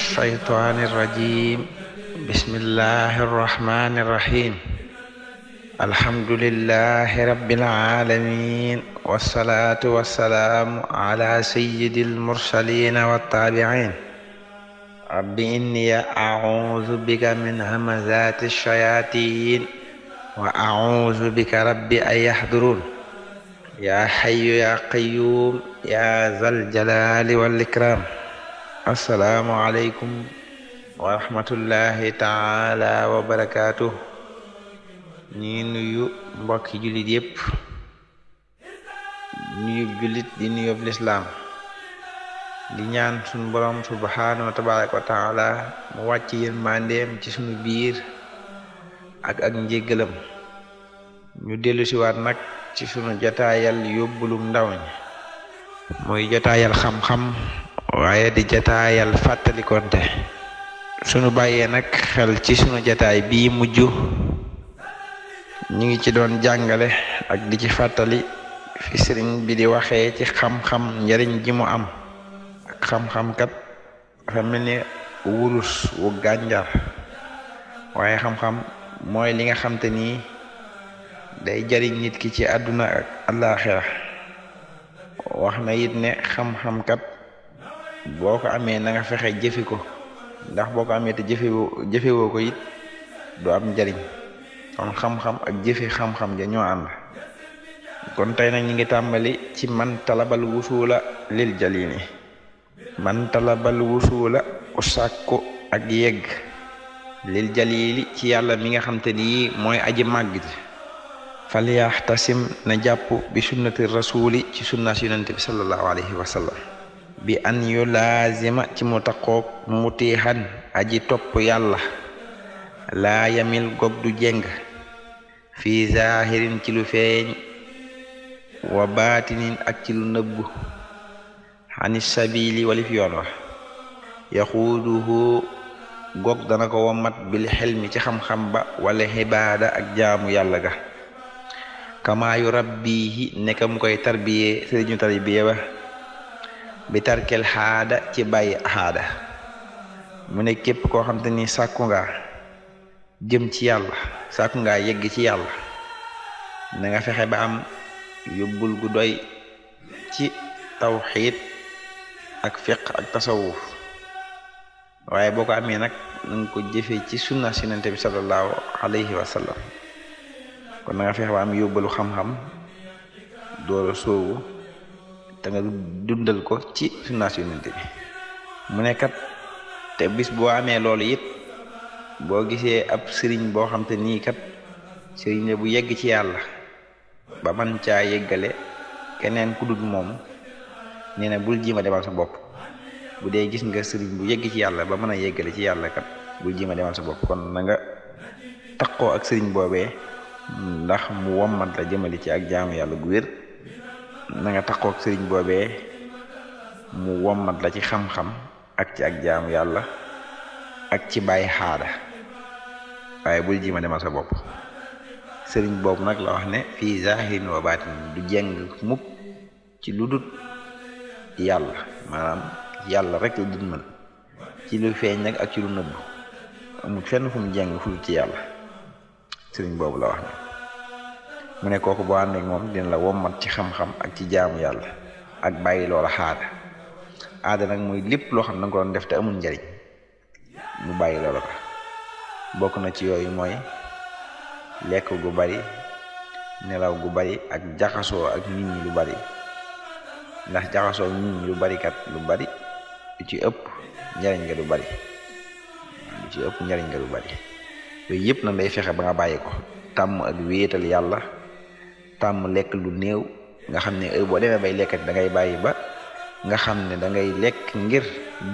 الشيطان الرجيم بسم الله الرحمن الرحيم الحمد لله رب العالمين والصلاة والسلام على سيد المرسلين والتابعين رب إني أعوذ بك من همزات الشياطين وأعوذ بك رب أن يحضرون يا حي يا قيوم يا ذا الجلال والإكرام asalaamualeykum wa rahmatullahi taala wa barakaatu ñi nuyu mbokki jullit yépp nuyub jullit di nuyub lislaam di ñaan sunu borom subhaanahu wa wa taala mu wàcc yéen mandeem ci sunu biir ak ak njéggalam ñu dellu siwaat nag ci sunu jotaayal yóbbulum ndaw ñi mooy jotaayal xam-xam waaye di jataayal fàttalikonte sunu bàyyee nag xel ci sunu jataay bii mujj ñu ngi ci doon jàngale ak di ci fàttali fi sëriñ bi di waxee ci xam-xam njariñ ji mu am ak xam-xam kat dafa ni wurus wu gànjar waaye xam-xam mooy li nga xamte te nii day jariñ nit ki ci àdduna ak àllaaxira wax na ne xam-xam kat boo ko amee nanga nga fexe jëfi ko ndax boo ko amee te jëfewoo jëfewoo ko it du am njariñ kon xam-xam ak jëfe xam-xam ja ñoo kon tey na ñu ngi tàmbali ci man talabal wusuula lil jalini man talabal wusuula ku sàkku ak yegg lil jalili ci yàlla mi nga xam te nii mooy aji màgg ta falyaxtasim na jàpp bi sunnati rasuli ci sunnas yonente bi sallallahu alayhi wa sallam bi an yu laazima ci mu takkoog aji topp yàlla laa yamil gog du jeng fi zaahirin ci lu feeñ wa baatinin ak ci lu nëbbu sabili walif yoon wa yaxuuduhu gog dana ko wamat bil xelmi ci xam-xam ba wala xibaada ak jaamu yàlla ga kamaayu rabbihi nekka koy tarbiyee sëriñu tarbiye ba bi tarkel xaada ci bàyyi xaada mu ne képp koo xam te ni sàkku nga jëm ci yàlla sàkku nga yegg ci yàlla na nga fexe ba am yóbbul gu doy ci tawxiid ak fiq ak tasawuf waaye boo ko amee nag na nga ko jëfee ci sunna sinante bi sallallahu alayhi wa sallam kon na nga fexe ba am yóbbalu xam-xam door a te nga dundal ko ci sunnaas yonent mu ne kat te bis boo amee loolu it boo gisee ab sëriñ boo xam te nii kat sëriñ la bu yegg ci yàlla ba man caa yeggale keneen ku dul moom nee na bul jiima demal sa bopp bu dee gis nga sëriñ bu yegg ci yàlla ba mën a yeggale ci yàlla kat bul jiima demal sa bopp kon na nga taqoo ak sëriñ boobee ndax mu wommat la jëmali ci ak jaamu yàlla gu wér na nga taxoo ak sëriñ boobee mu wommat la ci xam-xam ak ci ak jaamu yàlla ak ci bàyyi xaada waaye bul jima ma demal bopp sëriñ boobu nag la wax ne fii zahirin wa baatin du jeng mukk ci lu dut yàlla maanaam yàlla rek la dut mën ci lu feeñ nag ak ci lu nëbb amul fenn fu mu jeng fu dut ci yàlla sëriñ boobu la wax ne mu ne kooku boo ànd ak moom dina la wommat ci xam-xam ak ci jaamu yàlla ak bàyyi loola xaada aada nag mooy lépp loo xam ne danga ko def te amul njariñ mu bàyyi bokk na ci yooyu mooy lekk gu bari nelaw gu bari ak jaxasoo ak nit ñi bari ndax jaxasoo ak lu bari kat lu bari ci ëpp njariñ nga lu bari lu ci ëpp njariñ nga bari yooyu yëpp nag day fexe ba nga bàyyi ko tàmm ak wéetal yàlla tàmm lekk lu néew nga xam ne heure boo demee bay lekkati da bàyyi ba nga xam ne da lekk ngir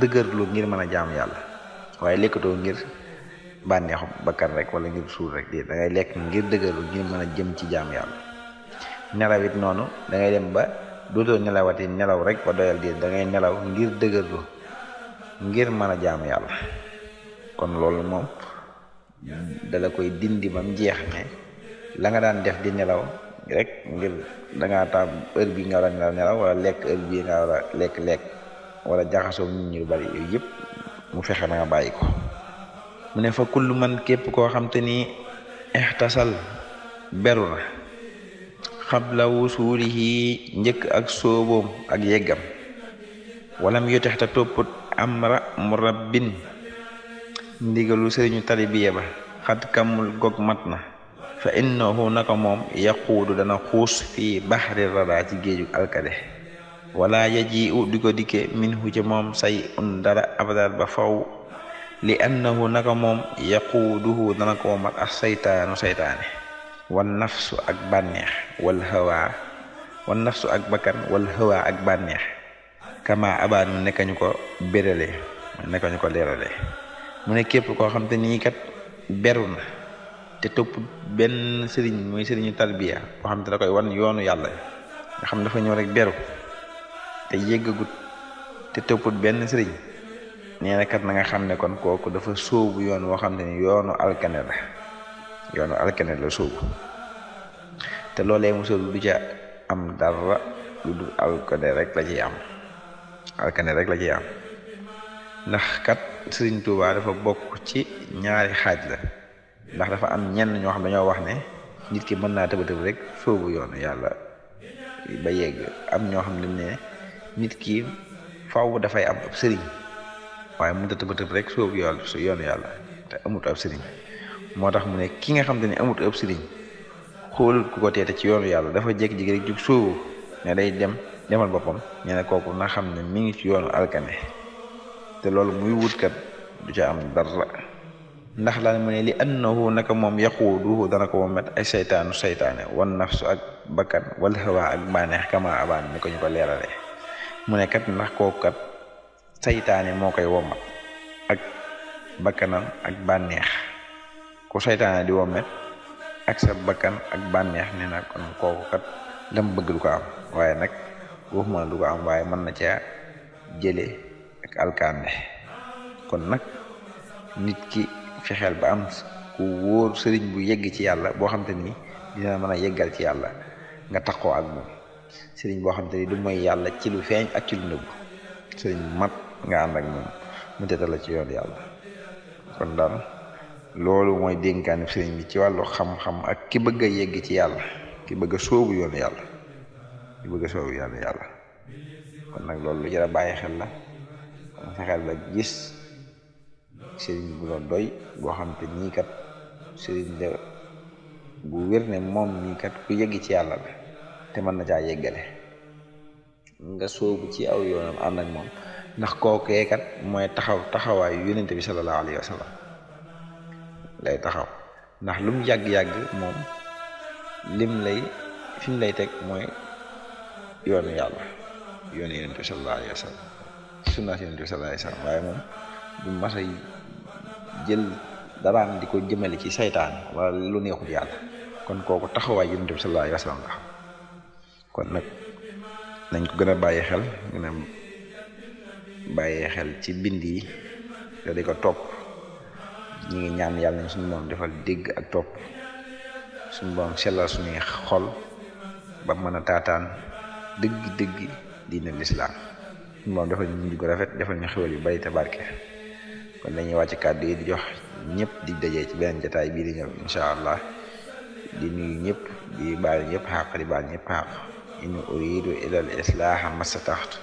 dëgërlu ngir mën a jaam yàlla waaye lekkatoo ngir bànneexu bakkan rek wala ngir suur rek dée da ngay lekk ngir dëgërlu ngir a jëm ci jaam yàlla nelaw it noonu dangay ngay dem ba dootoo nelawati nelaw rek ba doyal dée dangay nelaw ngir dëgërlu ngir mën a jaam yàlla kon loolu moom dala koy dindi ba jeex ne la daan def di nelaw rek ngir da ngaa taam heure bii nga war a nelaw nelaw wala lekk lekk wala jaxasoo nit bari yooyu mu fexe na nga bàyyi ko mu ne fa kullu man képp koo xam te ni ixtasal beru na xabla wusuulihi njëkk ak sóoboom ak yeggam wala mu yotex te topput amra murabbin ndigalu sëriñu talibiya ba xat kamul gog mat na fa innahu naka moom yaquudu dana xuus fii baxri rada ci géeju alkade wala yaji u di ko dikke min hu ci moom say un dara abadal ba faw li annahu naka moom yaquuduhu dana ko mat ak saytaanu saytaane wan nafsu ak bànneex wal hawa wan nafsu ak bakkan wal hawa ak bànneex kama abaanu nekka ñu ko bérale nekka ñu ko leerale mu ne képp koo xam te nii kat beru na te topp benn sëriñ mooy sëriñu tarbiya boo xam te da koy wan yoonu yàlla nga xam dafa ñëw rek beru te yéggagut te topput benn sëriñ nee na kat na nga xam ne kon kooku dafa sóobu yoon woo xam ne yoonu alkane la yoonu alkane la sóobu te loolee mu sóobu du ca am dara lu dul alkane rek la ciy am alkane rek la ciy ndax kat sëriñ Tuubaa dafa bokk ci ñaari xaaj la ndax dafa am ñenn ñoo xam dañoo wax ne nit ki mën naa tëb rek sóobu yoonu yàlla ba yegg am ñoo xam dañ ne nit ki faaw dafay am ab sëriñ waaye mënut a tëb tëb rek sóobu yoonu yàlla te amut ab sëriñ moo tax mu ne ki nga xam te ne amut ab sëriñ xóolut ku ko teete ci yoonu yàlla dafa jékki-jékki rek jug sóobu ne day dem demal boppam ñu ne kooku na xam ne mi ngi ci yoonu alkane te loolu muy wutkat du ca am dara. ndax lan mu ne li annahu naka moom yaquuduhu dana ko womet ay seytaanu seytaane wan nafsu ak bakkan wal hawa ak bànneex kama abaan ni ko ñu ko leerale mu ne kat ndax kooku kat seytaane moo koy womat ak bakkanam ak bànneex ku seytaane di womet ak sa bakkan ak bànneex ne na kon kooku lam bëgg du ko am waaye nag waxuma du ko am waaye mën na caa jële ak alkande kon nag nit ki fexeel ba am ku wóor sëriñ bu yegg ci yàlla boo xam te ni dina mën a yeggal ci yàlla nga taxoo ak moom sëriñ boo xam te ni du mooy yàlla ci lu feeñ ak ci lu nëbb sëriñ mat nga ànd ak moom mu teta la ci yoon yàlla kon daal loolu mooy dénkaani sëriñ bi ci wàllu xam-xam ak ki bëgg a yegg ci yàlla ki bëgg a sóobu yoonu yàlla ki bëgg a sóobu yoonu yàlla kon nag loolu lu bàyyi xel la fexeel ba gis sëriñ bu la doy boo xam te nii kat sëriñ la bu wér ne moom nii kat ku yegg ci yàlla la te mën na caa yeggale nga soobu ci aw yoonam ànd ak moom ndax kookee kat mooy taxaw taxawaay yonente bi sallallahu alayhi wa sallam taxaw ndax lu mu yàgg-yàgg moom lim lay fi lay teg mooy yoonu yàlla yoonu yonente bi sallallahu waaye moom du mas jël daraam di ko jëmale ci saytaan wala lu neexul yàlla kon kooku taxawaay yonent dem sallallahu alayhi la kon nag nañ ko gën a bàyyi xel gën a xel ci bind yi te ko topp ñu ngi ñaan yàlla suñu moom defal dégg ak topp suñu moom sellal suñuy xol ba mën a taataan dëgg dëgg diine lislaam suñu moom defal ñu mujj rafet defal ñu xewal yu bari te barke kon dañuy wàcc kàddu yi di jox ñëpp di dajee ci beneen jataay bii di ñëw allah di nuyu ñëpp di baal ñëpp xaq di baal ñëpp xaq in uridu ila al islaaha mastataxtu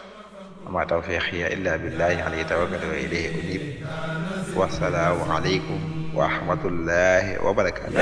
ama tawfiqiya illa billahi alayhi tawakkaltu wa ilayhi unib wasalaamu aleykum wa rahmatullahi wa barakatuh